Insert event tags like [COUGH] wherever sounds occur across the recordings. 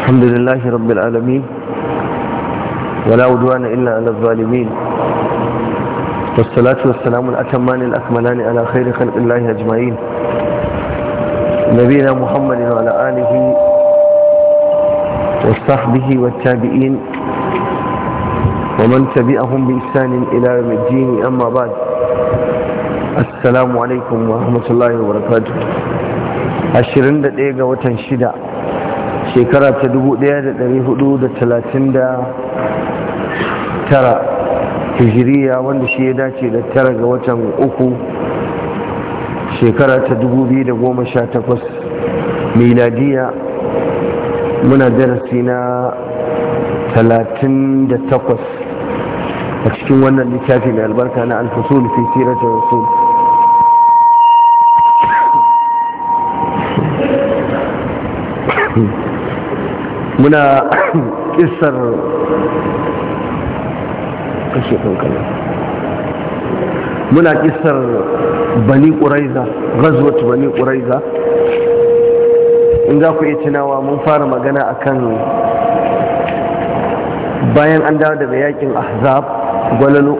الحمد لله رب العالمين ولا عدوان إلا على الظالمين والصلاة والسلام الأتمان الأكملان على خير خلق الله أجمعين نبينا محمد وعلى آله وصحبه والتابعين ومن تبعهم بإحسان إلى يوم الدين أما بعد السلام عليكم ورحمة الله وبركاته 21 ga وتنشدا shekara ta da tara, hijiriya wanda shi ya dace da tara ga watan uku shekara ta goma sha 2018 miladiya muna darasi na 38 a cikin wannan littafi mai albarka na alfasul fi sirar rasul muna [COUGHS] kisar kashe kankan muna kisar bani ƙuraiza gazuwatu bani ƙuraiza in za ku iya tunawa mun fara magana akan bayan an dawo daga yakin ahzab gwalalo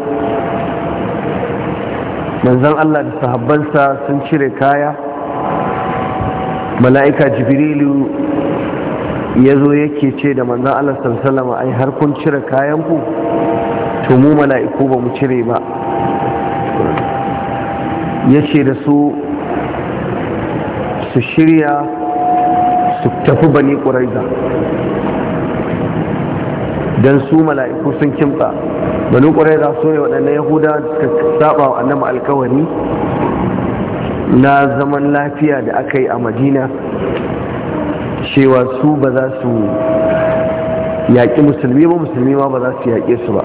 manzan allah da sahabbansa sun cire kaya mala'ika jibrilu ya zo yake ce da manzan Allah sallama ai har kun cire kayanku to mu mala'iku ba mu cire ba ya ce da su su shirya su tafi bani ƙuraiza don su mala'iku sun kimta bani ƙuraiza su ne waɗannan yahuda suka saba wa annama alkawari na zaman lafiya da aka yi a madina cewa su ba za su yaƙi musulmi ba musulmi ma ba za su yaƙe su ba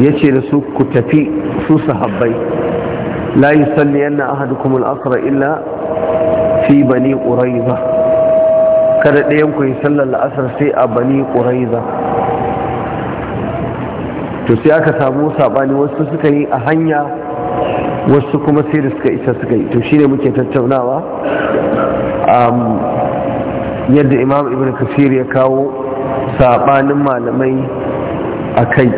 ya ce da su ku tafi su sahabbai la yi salli yana ahadukum al'asra illa fi bani ba. kada ɗayan ku yi sallar la'asar sai a bani ba. to sai aka samu saɓani wasu suka yi a hanya wasu kuma sai da suka isa suka yi to shine muke tattaunawa yadda imam ibn kasir ya kawo sabanin malamai a kai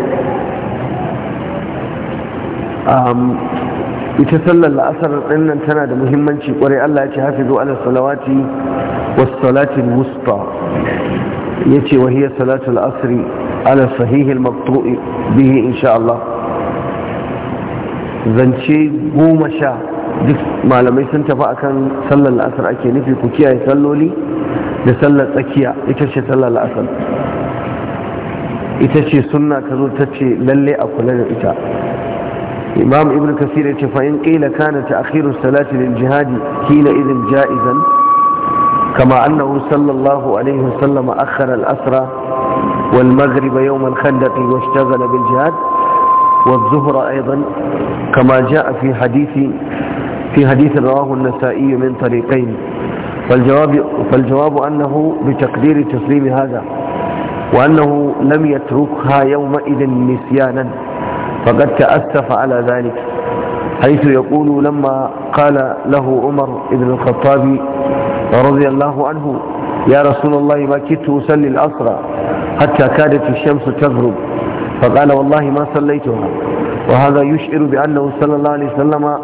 ita sallar la'asar ɗinnan tana da muhimmanci kwarai Allah ya ce zuwa ala salawati was salatin wusta yace wa hiya salatul asri ala sahihil maqtu'i bihi insha Allah zance goma sha duk malamai sun tafi akan sallar la'asar ake nufi ku kiyaye salloli da sallar tsakiya ita ce sallar la'asar ita ce sunna ta zo ta ce lalle a kula da ita imam ibn kasir ya ce fa'in in kana ta akhiru salati lil jihadi kila idhin ja'izan kama annahu sallallahu alaihi wasallam akhara al-asra wal maghrib yawm al-khandaq wa ishtaghala bil jihad والزهر أيضا كما جاء في حديث في حديث رواه النسائي من طريقين فالجواب, فالجواب أنه بتقدير تسليم هذا وأنه لم يتركها يومئذ نسيانا فقد تأسف على ذلك حيث يقول لما قال له عمر بن الخطاب رضي الله عنه يا رسول الله ما كدت أسلي الأسرى حتى كادت الشمس تغرب فقال والله ما صليتها وهذا يشعر بأنه صلى الله عليه وسلم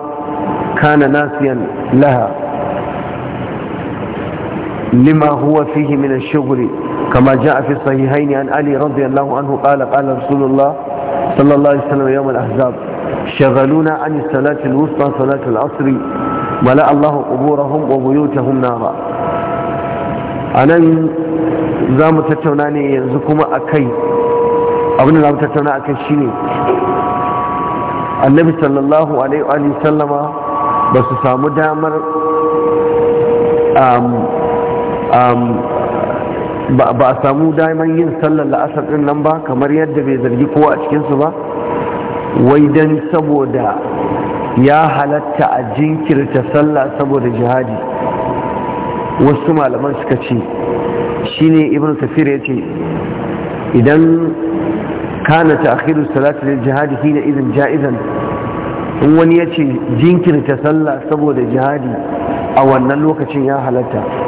كان ناسيا لها لما هو فيه من الشغل كما جاء في الصحيحين عن علي رضي الله عنه قال قال رسول الله صلى الله عليه وسلم يوم الأحزاب شغلونا عن الصلاة الوسطى صلاة العصر ملأ الله قبورهم وبيوتهم نارا أنا زامت التوناني ينزكم أكيد abin da za mu tattauna akan shi ne annabi sallallahu alaihi sallama ba su samu damar um, um, ba a samu damar yin sallar la'asar ɗin nan ba kamar yadda bai zargi kowa a cikinsu ba wai don saboda ya halatta a jinkirta sallah saboda jihadi wasu malaman suka ce shine ibn Tafir ya ce idan kana ta akhiru salati lil jihadi hina idan ja'izan in wani ya ce jinkirta sallah saboda jihadi a wannan lokacin ya halatta